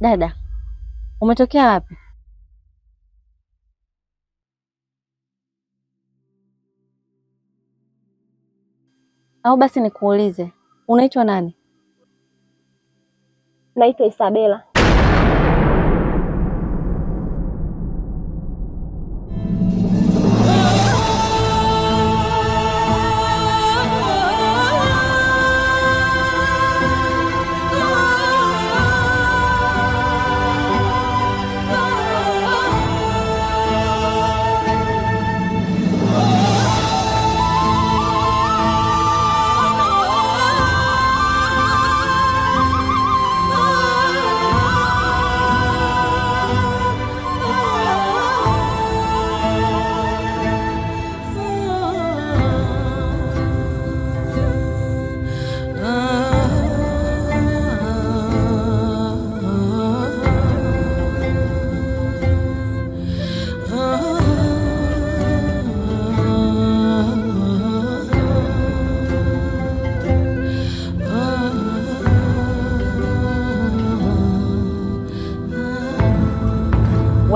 Dada, umetokea wapi? Au basi nikuulize, unaitwa nani? Naitwa Isabela.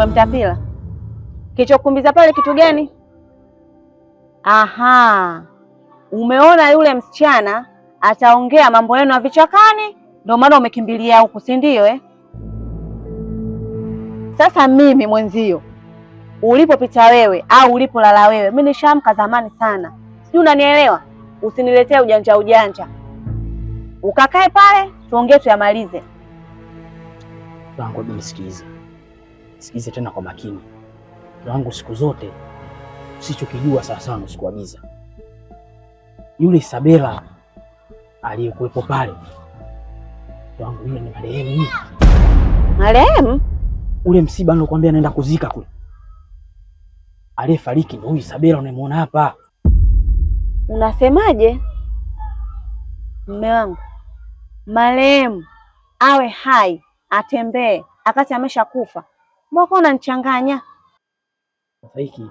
mtapila kichokumbiza pale kitu gani? Aha, umeona yule msichana ataongea mambo yenu ya vichakani, ndio maana umekimbilia huku, si ndio eh? Sasa mimi mwenzio, ulipopita wewe au ulipolala wewe, mimi nishaamka zamani sana, sijui unanielewa. Usiniletee ujanja ujanja, ukakae pale tuongee, tuyamalize. Bangu, nisikilize Sikize tena kwa makini wangu, siku zote usichokijua sawasawa usikuagiza. Yule Isabela aliyekuwepo pale wangu, yule ni marehemu. Marehemu ule msiba nilokuambia naenda kuzika kule, aliyefariki ndio huyu Isabela unayemwona hapa. Unasemaje? Mme wangu marehemu awe hai, atembee akati amesha kufa Mbona unanichanganya? Sasa hiki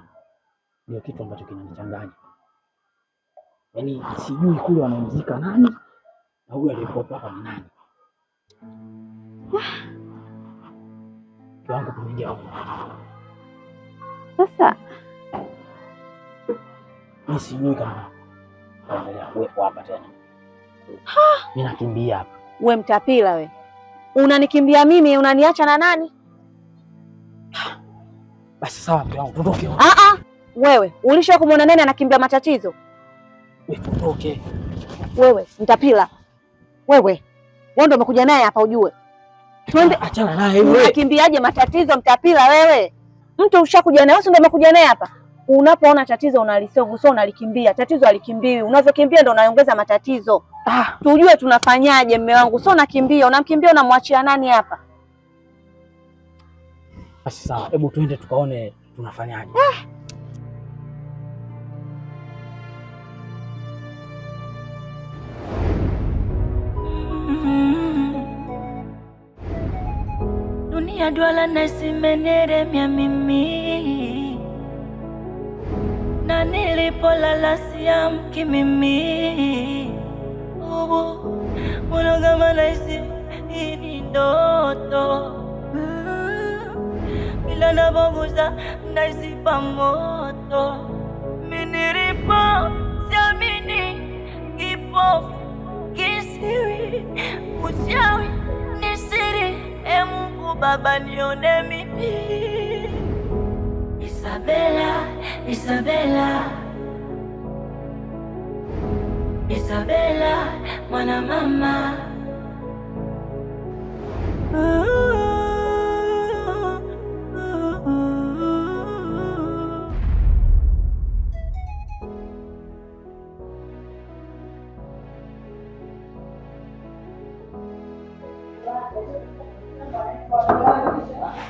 ndio kitu ambacho kinanichanganya, yaani sijui kule wanamzika nani na huyu aliyekuwepo hapa ni nani. Kiwango kimeingia sasa, mi sijui kama endelea kuwepo hapa tena, mi nakimbia hapa. We mtapila we, unanikimbia mimi, unaniacha na nani? Basi sawa, mke wangu, tuondoke. Ah ah, wewe ulisha kumwona nani anakimbia matatizo? Wewe tuondoke. Wewe nitapila wewe, wewe ndio umekuja naye hapa ujue. Twende, achana naye wewe. Unakimbiaje matatizo mtapila wewe? Mtu ushakuja naye, wewe ndio umekuja naye hapa. Unapoona tatizo unalisovu, sio unalikimbia. Tatizo Alikimbii, unavyokimbia ndio unaongeza matatizo. Ah, tujue tunafanyaje, mme wangu. Sio unakimbia, unamkimbia unamwachia nani hapa? Basi sawa, hebu tuende tukaone tunafanyaje. Ah. Dunia dola nasimeneremya mimi na nilipolala siamki mimi ubu munogamanaisi ini ndoto kila napoguza nazipa moto. Mimi nilipo siamini, kipofu, kisiri, uchawi ni siri. E Mungu Baba, nione mimi. Isabela, Isabela, Isabela mwana mama ah.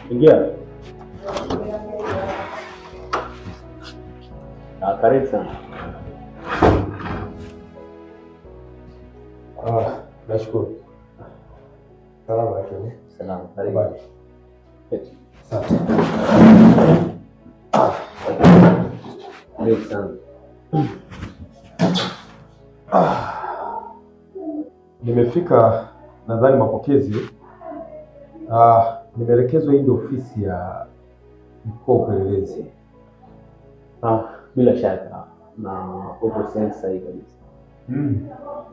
Ingia. Ah, karibu sana. Ah, nashukuru. Salamu alaykum. Salamu. Karibu. Asante. Karibu sana. Ah. Nimefika nadhani mapokezi. Ah, Nimeelekezwa hii ndio ofisi ya mkuu wa upelelezi. Ah, bila shaka na uko sensa hii kabisa. Mm.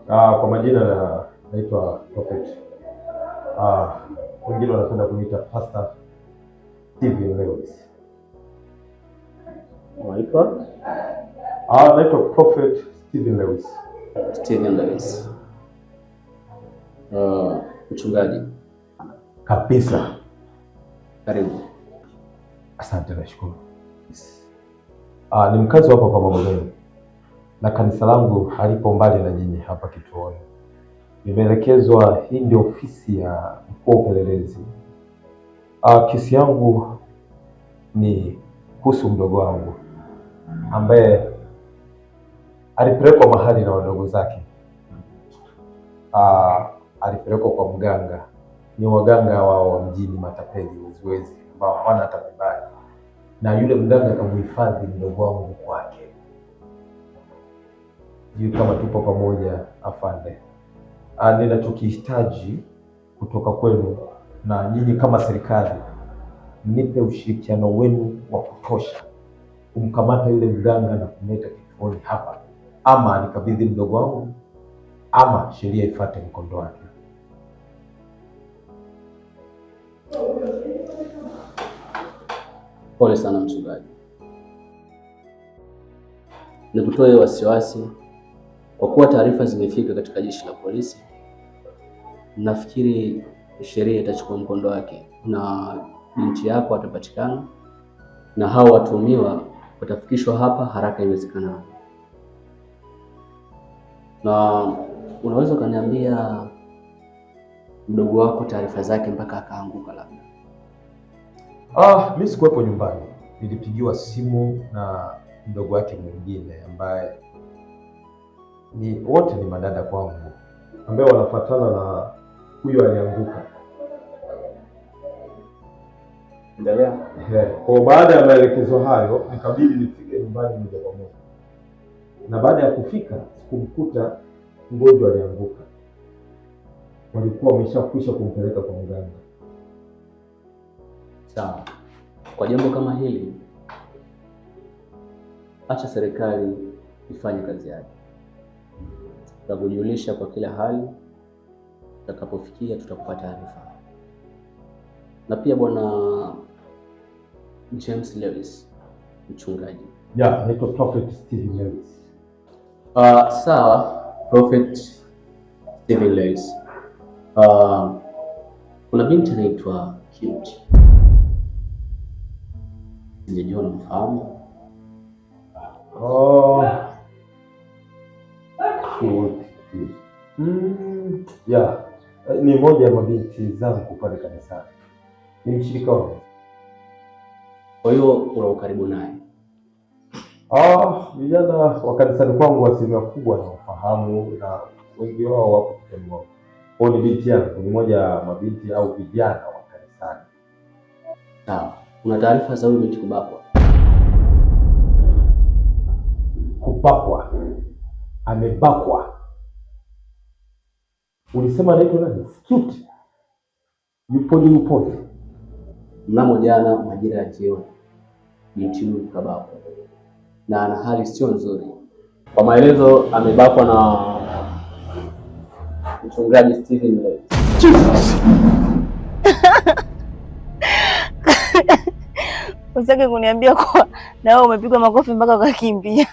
Ah, kwa majina na naitwa Prophet. Ah, wengine wanapenda kuniita Pastor Steven Lewis. Unaitwa? Ah, naitwa Prophet Steven Lewis. Steven Lewis. Ah, mchungaji. Kabisa. Karibu. Asante, nashukuru. Ah, ni mkazi hapa hapa Magogoni na kanisa langu halipo mbali na nyinyi hapa kituoni. Nimeelekezwa hii ndio ofisi ya mkuu wa upelelezi. Ah, kesi yangu ni kuhusu mdogo wangu ambaye alipelekwa mahali na wadogo zake. Ah, alipelekwa kwa mganga ni waganga wao wa mjini, matapeli weziwezi, ambao hawana hata vibali, na yule mganga akamhifadhi mdogo wangu kwake. Jui kama tupo pamoja, afande. Ah, ninachokihitaji kutoka kwenu na nyinyi kama serikali, nipe ushirikiano wenu wa kutosha kumkamata yule mganga na kumleta kituoni hapa, ama nikabidhi mdogo wangu, ama sheria ifate mkondo wake. Pole sana mchungaji, nikutoe wasiwasi kwa kuwa taarifa zimefika katika jeshi la polisi. Nafikiri sheria itachukua mkondo wake na binti yako atapatikana na hao watuhumiwa watafikishwa hapa haraka iwezekanavyo. Na unaweza ukaniambia mdogo wako taarifa zake mpaka akaanguka labda? Ah, mimi sikuwepo nyumbani, nilipigiwa simu na mdogo wake mwingine ambaye ni wote ni madada kwangu, ambaye wanafuatana na huyo alianguka. Endelea. Kwa baada ya maelekezo hayo, nikabidi nifike nyumbani moja kwa moja, na baada ya kufika sikumkuta mgonjwa alianguka walikuwa wameshakwisha kumpeleka kwa mganga. Sawa, kwa jambo kama hili, acha serikali ifanye kazi yake. Tutakujulisha kwa kila hali tutakapofikia, tutakupa taarifa. Na pia bwana James Lewis, mchungaji yeah, naitwa Prophet Steven Lewis. Uh, sawa Prophet Steven Lewis Uh, kuna binti anaitwa Cute, sijajua namfahamu. Oh. Hmm. Ni moja ya mabinti zangu pale kanisani, ni mshirika wangu. Kwa hiyo una ukaribu naye? Ah, vijana wa kanisani kwangu asilimia kubwa na ufahamu, na wengi wao wapo Huyu ni binti yangu, ni moja ya mabinti au vijana wa kanisani. Sawa. Kuna taarifa za huyu binti kubakwa? Kupakwa? Amebakwa. Ulisema anaitwa nani? Cute. Yupoje? Yupoje? Mnamo jana majira ya jioni binti huyu kabakwa na ana hali sio nzuri. Kwa maelezo, amebakwa na Mchungaji Stephen Lewis. kuniambia kuwa na wewe umepigwa makofi mpaka ukakimbia.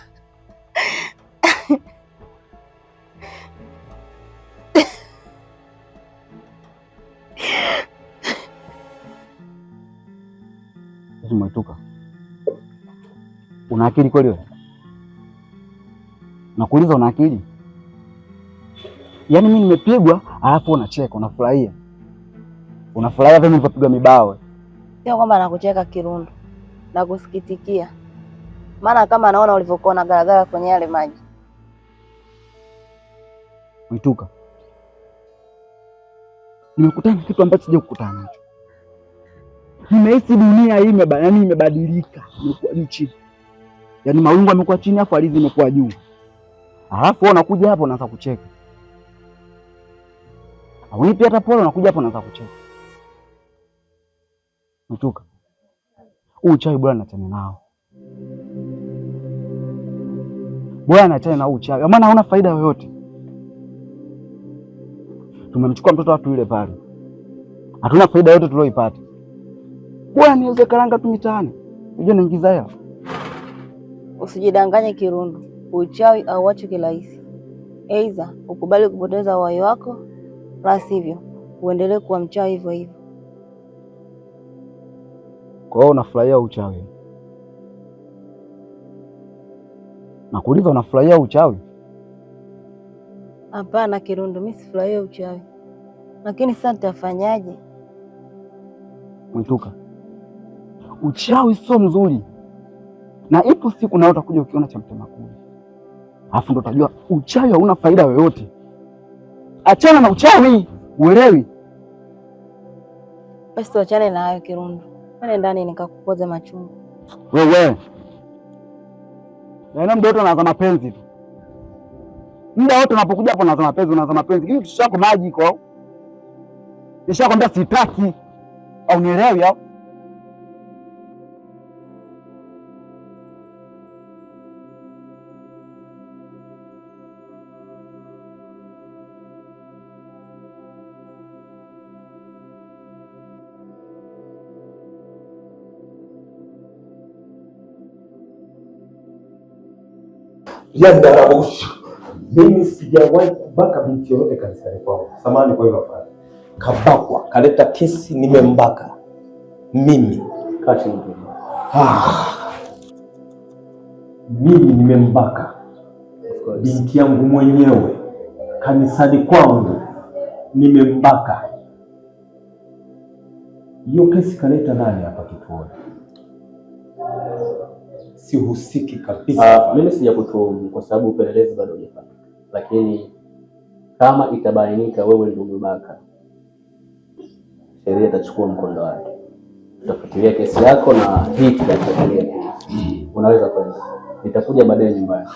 Mwaituka, una akili kweli wewe? Nakuuliza, una akili? Yaani mimi nimepigwa, alafu unacheka, unafurahia, unafurahia vile nilivyopigwa mibawe. Sio kwamba nakucheka Kirundo, nakusikitikia, maana kama naona ulivyokuwa na garagara kwenye yale maji. Mituka, nimekutana kitu ambacho sija kukutana nacho. Nimehisi dunia hii yani imebadilika, imekuwa juu chini, yaani mawingu yamekuwa chini, afu alizi imekuwa juu, alafu unakuja hapo unaanza kucheka. Haunipi hata pole, unakuja hapo unaanza kucheka. Huu Uchawi bwana nachana nao. Bwana nachana na uchawi. Maana hauna faida yoyote. Tumemchukua mtoto watu yule pale. Hatuna faida yoyote tulioipata. Bwana niweze karanga tu mitaani. Unajua naingiza hela. Usijidanganye Kirundu. Uchawi au wacho kirahisi. Aidha ukubali kupoteza uhai wako la sivyo uendelee kuwa mchawi hivyo hivyo. Kwa hiyo unafurahia uchawi? kuliva, unafurahia uchawi? Hapana Kirundo, mimi sifurahia uchawi, lakini sasa nitafanyaje? Mwituka, uchawi sio mzuri, na ipo siku na utakuja ukiona cha mtema kuni, alafu ndo utajua uchawi hauna faida yoyote. Achana na uchawi, uelewi? Basi wachane na hayo Kirundu, ene ndani nikakupoza machungu. Wewe nene mdoto naza mapenzi tu, muda wote unapokuja hapo naza mapenzi, naza mapenzi, kitu chako maji iko nishakwambia, sitaki au nielewi au janda la Mimi sijawahi kubaka binti yoyote kanisani kwangu. Samahani kwa hiyo hapana. Kabakwa, kaleta kesi nimembaka. Mimi kati Ah. Mimi nimembaka binti yangu mwenyewe kanisani kwangu, nimembaka. Hiyo kesi kaleta nani hapa kituoni? sihusiki kabisa. Ah, mimi sija sijakutuhumu kwa sababu upelelezi bado hujafanyika, lakini kama itabainika wewe ndugu Baka, sheria itachukua mkondo wake. Tutafuatilia kesi yako na hii tutaifuatilia. Unaweza kwenda, nitakuja baadaye nyumbani.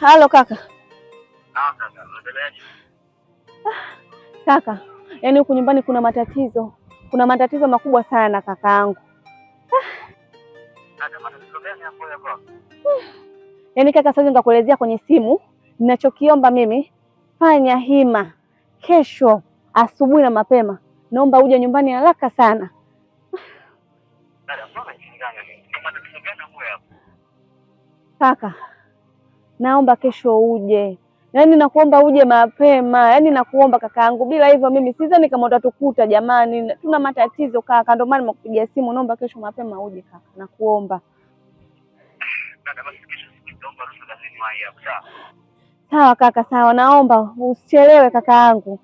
Halo kaka. Ah, kaka, unaendeleaje? Ah, yaani huku nyumbani kuna matatizo, kuna matatizo makubwa sana kakaangu. Yaani kaka, sasa nikakuelezea kwenye simu. Ninachokiomba mimi, fanya hima kesho asubuhi na mapema, naomba uje nyumbani haraka sana. Kaka, naomba kesho uje, yaani nakuomba uje mapema, yaani nakuomba kakaangu, bila hivyo mimi sidhani kama utatukuta. Jamani, tuna matatizo kaka, ndio maana nimekupigia simu. Naomba kesho mapema uje kaka, nakuomba. Sawa kaka, sawa, naomba usichelewe yangu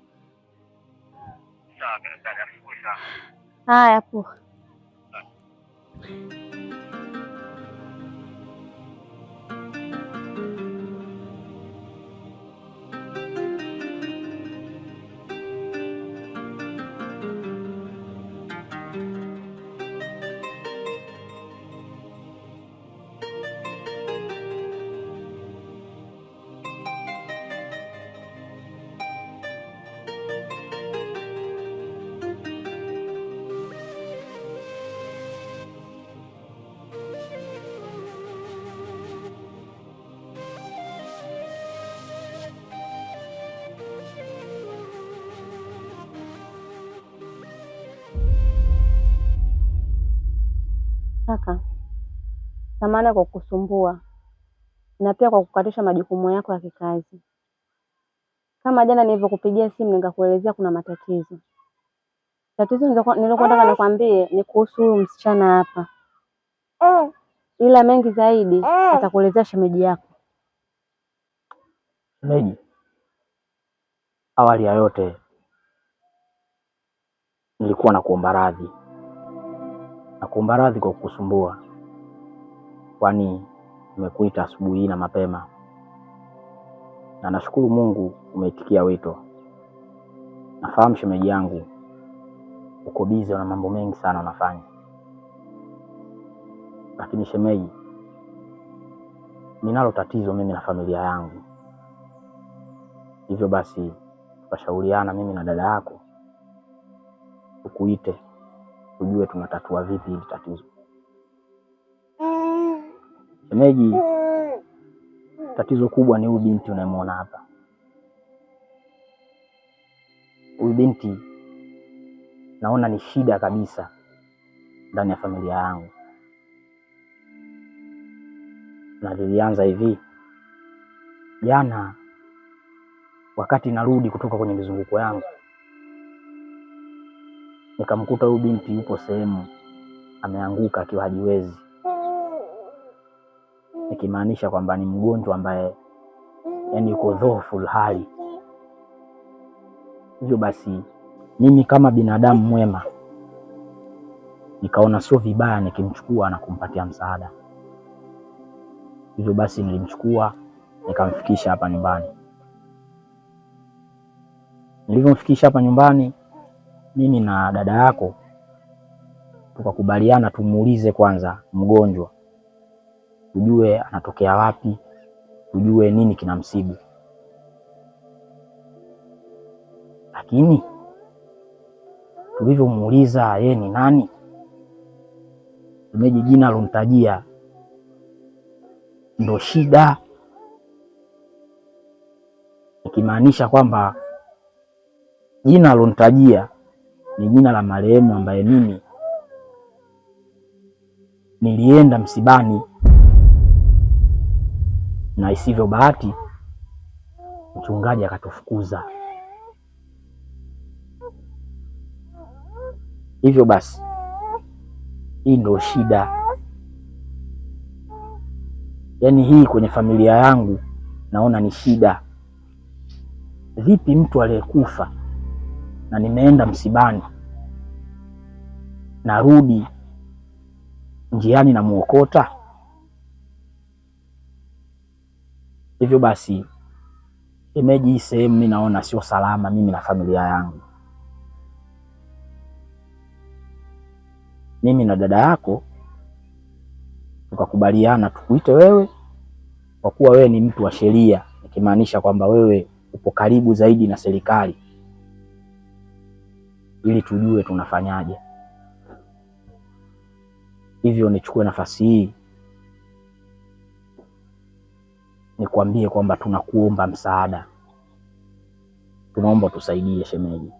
Haya, poa. Samahani kwa kukusumbua na pia kwa kukatisha majukumu yako ya kikazi. Kama jana nilivyokupigia simu nikakuelezea kuna matatizo. Tatizo nililokuwa nataka nikwambie ni kuhusu huyu msichana hapa, ila mengi zaidi atakuelezea shemeji yako. Shemeji, awali ya yote nilikuwa na kuomba radhi, na kuomba radhi kwa kukusumbua kwani nimekuita asubuhi hii na mapema, na nashukuru Mungu umeitikia wito. Nafahamu shemeji yangu, uko bize na mambo mengi sana unafanya, lakini shemeji, ninalo tatizo mimi na familia yangu. Hivyo basi tukashauriana mimi na dada yako ukuite, ujue tunatatua vipi hili tatizo. Shemeji, mm. tatizo kubwa ni huyu binti unayemwona hapa. Huyu binti naona ni shida kabisa ndani ya familia yangu, na lilianza hivi jana, wakati narudi kutoka kwenye mizunguko yangu, nikamkuta huyu binti yupo sehemu ameanguka akiwa hajiwezi ikimaanisha kwamba ni mgonjwa ambaye yani yuko dhoofu hali. Hivyo basi mimi kama binadamu mwema nikaona sio vibaya nikimchukua na kumpatia msaada. Hivyo basi nilimchukua nikamfikisha hapa nyumbani. Nilivyomfikisha hapa nyumbani, mimi na dada yako tukakubaliana tumuulize kwanza mgonjwa ujue anatokea wapi, ujue nini kinamsibu. Lakini tulivyomuuliza yeye ni nani, tumeji jina alomtajia ndo shida, ikimaanisha kwamba jina alonitajia ni jina la marehemu ambaye mimi nilienda msibani na isivyo bahati mchungaji akatufukuza. Hivyo basi, hii ndio shida yaani, hii kwenye familia yangu naona ni shida. Vipi mtu aliyekufa na nimeenda msibani, narudi njiani namwokota Hivyo basi imeji hii sehemu mi naona sio salama, mimi na familia yangu. Mimi na dada yako tukakubaliana tukuite wewe, kwa kuwa wewe ni mtu wa sheria, nikimaanisha kwamba wewe upo karibu zaidi na serikali, ili tujue tunafanyaje. Hivyo nichukue nafasi hii nikwambie kwamba tunakuomba msaada, tunaomba tusaidie shemeji.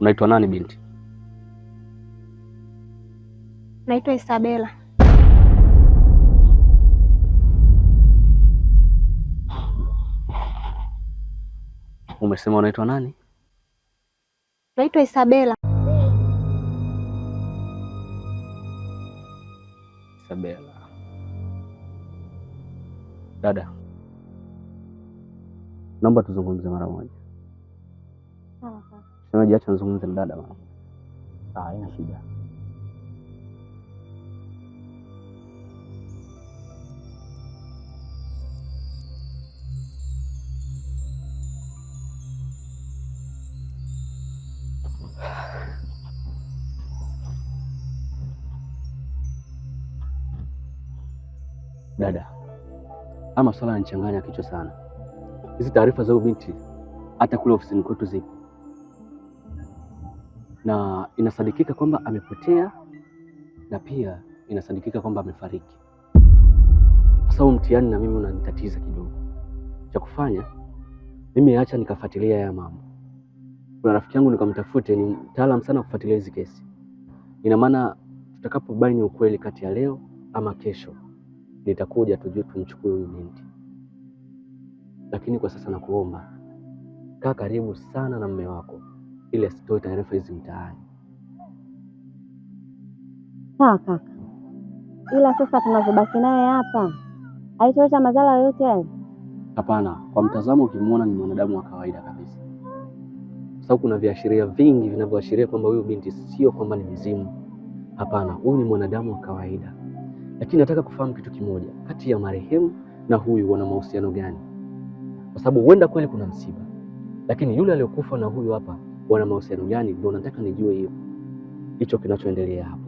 Unaitwa nani binti? Naitwa Isabela. Umesema unaitwa nani? Naitwa Isabela. Isabela. Dada, naomba tuzungumze mara moja. Semaji, acha nizungumze na dada mara moja. Ah, haina shida. Dada, ama swala anachanganya kichwa sana. Hizi taarifa za binti hata kule ofisini kwetu zipo, na inasadikika kwamba amepotea na pia inasadikika kwamba amefariki. Sasa huu mtihani na mimi unanitatiza kidogo. Cha kufanya mimi, acha nikafuatilia haya mambo. Kuna rafiki yangu nikamtafute, ni mtaalam sana kufuatilia hizi kesi. Ina maana tutakapobaini ukweli kati ya leo ama kesho litakuja tujue tumchukue huyu binti. Lakini kwa sasa nakuomba kaa karibu sana na mume wako ili asitoe taarifa hizi mtaani. Sawa kaka, ila sasa tunavyobaki naye hapa haitoleta madhara yoyote yale? Hapana, kwa mtazamo ukimwona ni mwanadamu wa kawaida kabisa, kwa sababu kuna viashiria vingi vinavyoashiria kwamba huyu binti sio kwamba ni mzimu. Hapana, huyu ni mwanadamu wa kawaida lakini nataka kufahamu kitu kimoja, kati ya marehemu na huyu wana mahusiano gani? Kwa sababu huenda kweli kuna msiba, lakini yule aliyokufa na huyu hapa wana mahusiano gani? Ndio nataka nijue hiyo, hicho kinachoendelea hapo.